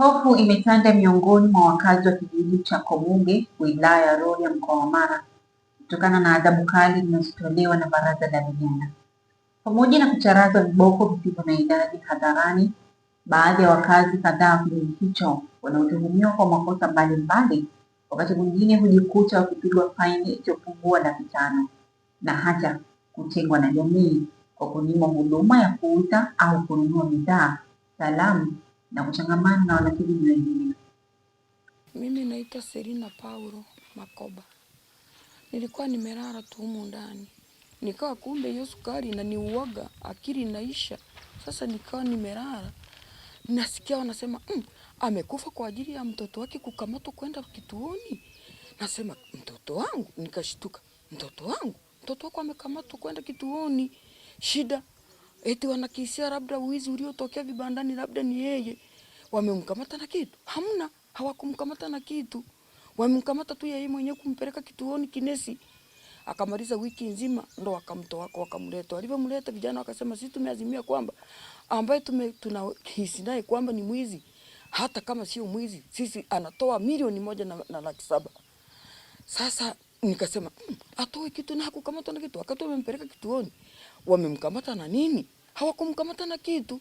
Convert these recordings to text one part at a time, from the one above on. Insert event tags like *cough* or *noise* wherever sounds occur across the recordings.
Hofu imetanda miongoni mwa wakazi wa kijiji cha Komuge, wilaya ya Rorya, mkoa wa Mara, kutokana na adhabu kali zinazotolewa na Baraza la Vijana, pamoja na kucharaza viboko visivyo na idadi hadharani. Baadhi ya wakazi kadhaa wa kijiji hicho wanaotuhumiwa kwa makosa mbalimbali, wakati mwingine hujikuta wakipigwa faini isiyopungua laki tano na hata kutengwa na jamii kwa kunyimwa huduma ya kuuza au kununua bidhaa, salamu na kuchangamana na wanakijiji wengine. Mimi naitwa Serina Paulo Makoba. Nilikuwa nimelala tu humu ndani, nikawa kumbe hiyo sukari inaniuaga, akili inaisha. Sasa nikawa nimelala, nasikia wanasema mm, amekufa kwa ajili ya mtoto wake kukamatwa kwenda kituoni. Nasema mtoto wangu, nikashtuka, mtoto wangu, mtoto wako amekamatwa kwenda kituoni, shida eti wanakisia labda wizi uliotokea vibandani labda ni yeye. Wamemkamata na kitu? Hamna, hawakumkamata na kitu, wamemkamata tu yeye mwenyewe kumpeleka kituoni Kinesi akamaliza wiki nzima, ndo akamtoa kwa akamleta. Alivyomleta vijana wakasema, sisi tumeazimia kwamba ambaye tume tunahisi naye kwamba ni mwizi, hata kama sio mwizi, sisi anatoa milioni moja na, na laki saba. Sasa nikasema hmm, atoe kitu na hakukamatwa na kitu, akatoa wamempeleka kituoni wamemkamata na nini? Hawakumkamata na kitu.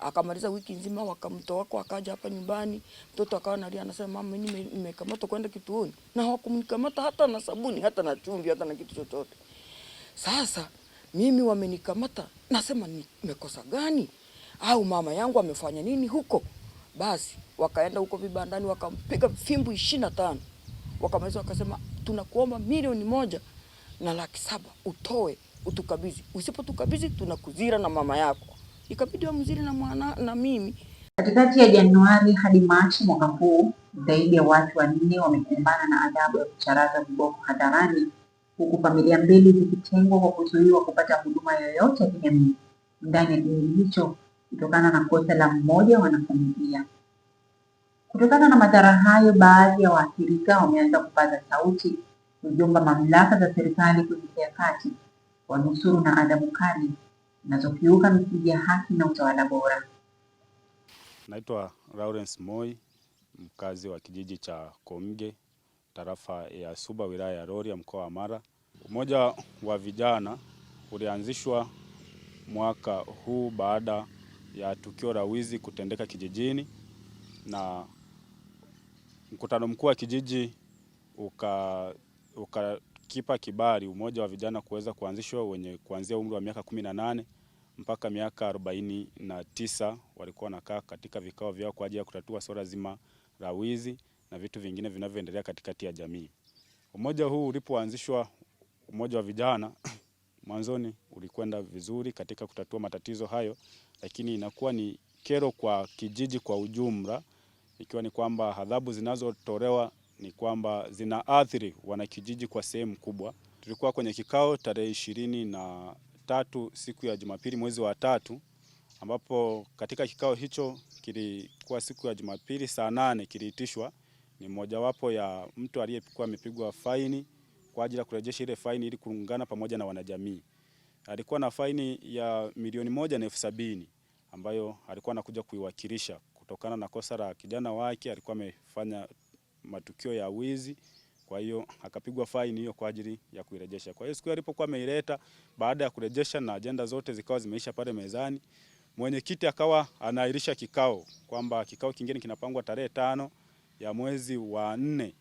Akamaliza wiki nzima, wakamtoa kwa, akaja hapa nyumbani, mtoto akawa analia, anasema mama, mimi nimekamatwa kwenda kituoni, na hawakumkamata hata na sabuni hata na chumvi hata na kitu chochote. Sasa mimi wamenikamata, nasema nimekosa gani? Au mama yangu amefanya nini huko? Basi wakaenda huko vibandani, wakampiga fimbo ishirini na tano wakamaliza, wakasema tunakuomba milioni moja na laki saba utoe utukabidhi, usipotukabidhi tunakuzira na mama yako. Ikabidi wamziri na mwana na mimi. Katikati ya Januari hadi Machi mwaka huu, zaidi ya watu wanne wamekumbana na adhabu ya kucharaza viboko hadharani, huku familia mbili zikitengwa kwa kuzuiwa kupata huduma yoyote ya kijamii ndani ya kijiji hicho kutokana na kosa la mmoja wa wanafamilia. Kutokana na madhara hayo, baadhi ya waathirika wameanza kupaza sauti kuziomba mamlaka za serikali kuingilia kati wanusuru na adhabu kali zinazokiuka misingi ya haki na utawala bora. Naitwa Lawrence Moi, mkazi wa kijiji cha Komge, tarafa ya Suba, wilaya ya Rorya, mkoa wa Mara. Umoja wa vijana ulianzishwa mwaka huu baada ya tukio la wizi kutendeka kijijini, na mkutano mkuu wa kijiji uka, uka kipa kibali umoja wa vijana kuweza kuanzishwa wenye kuanzia umri wa miaka 18 mpaka miaka 49 na tisa walikuwa wanakaa katika vikao vyao kwa ajili ya kutatua swala zima la wizi na vitu vingine vinavyoendelea katikati ya jamii. Umoja huu ulipoanzishwa, umoja wa vijana *clears throat* mwanzoni ulikwenda vizuri katika kutatua matatizo hayo, lakini inakuwa ni kero kwa kijiji kwa ujumla, ikiwa ni kwamba adhabu zinazotolewa ni kwamba zinaathiri wanakijiji kwa sehemu kubwa. Tulikuwa kwenye kikao tarehe ishirini na tatu siku ya Jumapili mwezi wa tatu, ambapo katika kikao hicho kilikuwa siku ya Jumapili saa nane kiliitishwa. Ni mojawapo ya mtu aliyekuwa amepigwa faini kwa ajili ya kurejesha ile faini ili kuungana pamoja na wanajamii. Alikuwa na faini ya milioni moja na elfu sabini ambayo alikuwa anakuja kuiwakilisha kutokana na kosa la kijana wake alikuwa amefanya matukio ya wizi. Kwa hiyo akapigwa faini hiyo kwa ajili ya kuirejesha. Kwa hiyo siku alipokuwa ameileta, baada ya kurejesha na ajenda zote zikawa zimeisha pale mezani, mwenyekiti akawa anaahirisha kikao kwamba kikao kingine kinapangwa tarehe tano ya mwezi wa nne.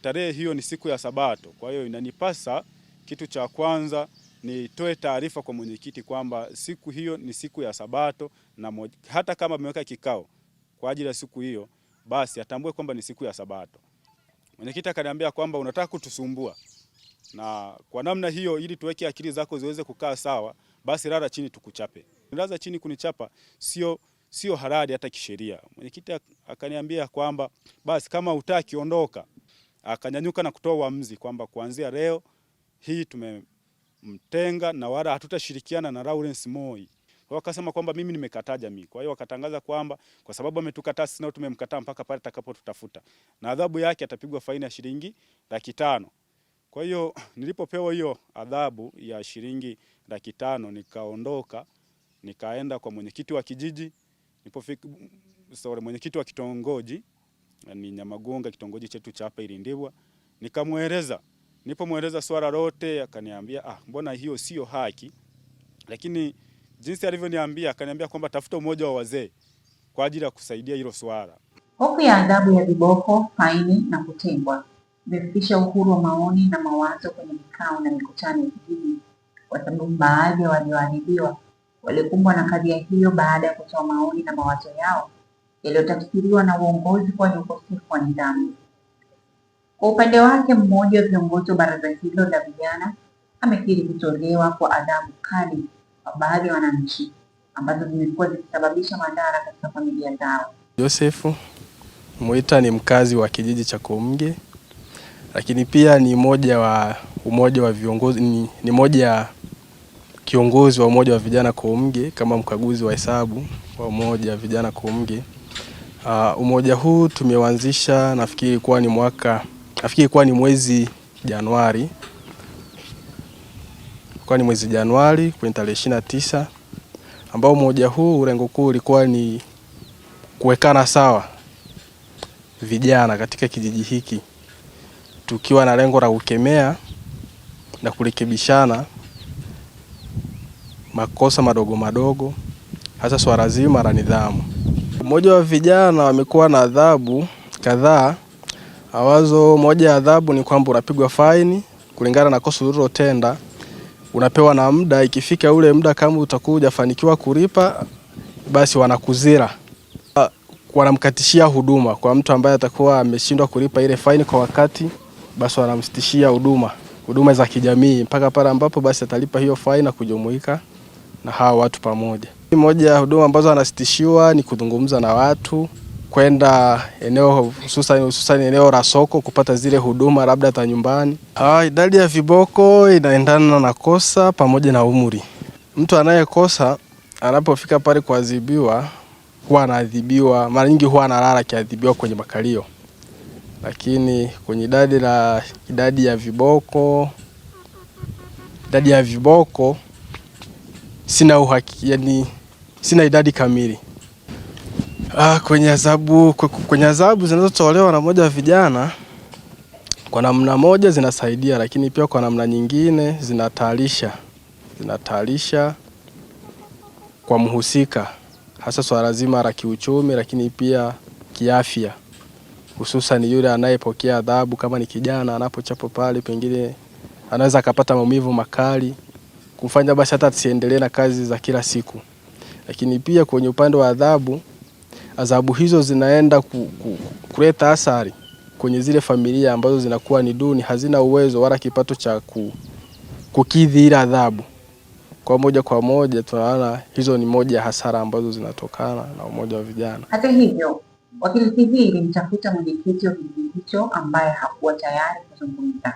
Tarehe hiyo ni siku ya Sabato, kwa hiyo inanipasa kitu cha kwanza nitoe taarifa kwa mwenyekiti kwamba siku hiyo ni siku ya Sabato na hata kama ameweka kikao kwa ajili ya siku hiyo, basi atambue kwamba ni siku ya Sabato. Mwenyekiti akaniambia kwamba unataka kutusumbua, na kwa namna hiyo, ili tuweke akili zako ziweze kukaa sawa, basi lala chini tukuchape. Nilaza chini kunichapa sio sio halali hata kisheria. Mwenyekiti akaniambia kwamba basi kama utaki ondoka. Akanyanyuka na kutoa uamuzi kwamba kuanzia leo hii tumemtenga na wala hatutashirikiana na Lawrence Moi. Kwa hiyo wakasema kwamba mimi nimekataa jamii. Kwa hiyo wakatangaza kwamba kwa sababu ametukataa sisi nao tumemkataa mpaka pale atakapotutafuta. Na adhabu yake atapigwa faini ya shilingi laki tano. Kwa hiyo *clears throat* nilipopewa hiyo adhabu ya shilingi laki tano nikaondoka nikaenda kwa mwenyekiti wa kijiji nilipofika, sorry, mwenyekiti wa kitongoji ni Nyamagunga, kitongoji chetu cha hapa Ilindibwa, nikamweleza nilipomweleza swala lote akaniambia, ah, mbona hiyo sio haki, lakini Jinsi alivyoniambia, akaniambia kwamba tafuta umoja wa wazee kwa ajili ya kusaidia hilo swala. Hofu ya adhabu ya viboko, faini na kutengwa imefikisha uhuru wa maoni na mawazo kwenye mikao na mikutano ya kijiji, kwa sababu baadhi ya walioadhibiwa walikumbwa na kadhia hiyo baada ya kutoa maoni na mawazo yao yaliyotafsiriwa na uongozi kwa ukosefu wa nidhamu. Kwa upande wake, mmoja wa viongozi wa baraza hilo la vijana amekiri kutolewa kwa adhabu kali kwa baadhi ya wananchi ambazo zimekuwa zikisababisha madhara katika familia zao. Joseph Mwita ni mkazi wa kijiji cha Komge, lakini pia ni mmoja wa umoja wa viongozi ni, ni moja kiongozi wa umoja wa vijana Komge kama mkaguzi wa hesabu wa umoja wa vijana Komge. Uh, umoja huu tumeuanzisha nafikiri kuwa ni mwaka nafikiri kuwa ni mwezi Januari Ilikuwa ni mwezi Januari kwenye tarehe 29 tisa ambao umoja huu lengo kuu ulikuwa ni kuwekana sawa vijana katika kijiji hiki, tukiwa na lengo la kukemea na kurekebishana makosa madogo madogo, hasa swala zima la nidhamu. Mmoja wa vijana wamekuwa na adhabu kadhaa awazo, moja ya adhabu ni kwamba unapigwa faini kulingana na kosa ulilotenda unapewa na muda. Ikifika ule muda, kama utakuwa hujafanikiwa kulipa, basi wanakuzira, ah, wanamkatishia huduma. Kwa mtu ambaye atakuwa ameshindwa kulipa ile faini kwa wakati, basi wanamsitishia huduma huduma za kijamii mpaka pale ambapo basi atalipa hiyo faini na kujumuika na hawa watu pamoja. Moja ya huduma ambazo anasitishiwa ni kuzungumza na watu kwenda eneo hususan hususan eneo la soko kupata zile huduma labda za nyumbani. Ah, idadi ya viboko inaendana na kosa pamoja na umri. Mtu anayekosa anapofika pale kuadhibiwa huwa anaadhibiwa, mara nyingi huwa analala akiadhibiwa kwenye makalio, lakini kwenye idadi la idadi ya viboko idadi ya viboko sina uhakika, yani sina idadi kamili. Ah, kwenye adhabu kwenye adhabu zinazotolewa na moja wa vijana kwa namna moja zinasaidia, lakini pia kwa namna nyingine zinatalisha zinatalisha kwa mhusika, hasa swala zima la kiuchumi, lakini pia kiafya, hususan yule anayepokea adhabu, kama ni kijana anapochapo pale, pengine anaweza akapata maumivu makali kumfanya basi hata asiendelee na kazi za kila siku, lakini pia kwenye upande wa adhabu adhabu hizo zinaenda ku, ku, kuleta athari kwenye zile familia ambazo zinakuwa ni duni, hazina uwezo wala kipato cha ku, kukidhi ile adhabu. Kwa moja kwa moja tunaona hizo ni moja ya hasara ambazo zinatokana na umoja wa vijana. Hata hivyo, wakili TV ilimtafuta mwenyekiti wa kijiji hicho ambaye hakuwa tayari kuzungumza,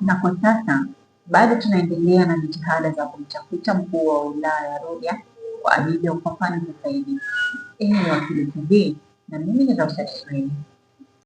na kwa sasa bado tunaendelea na jitihada za kumtafuta mkuu wa wilaya ya Rorya kwa ajili ya kufanya zaidi. anyone who can be, na mimi nitawasaidia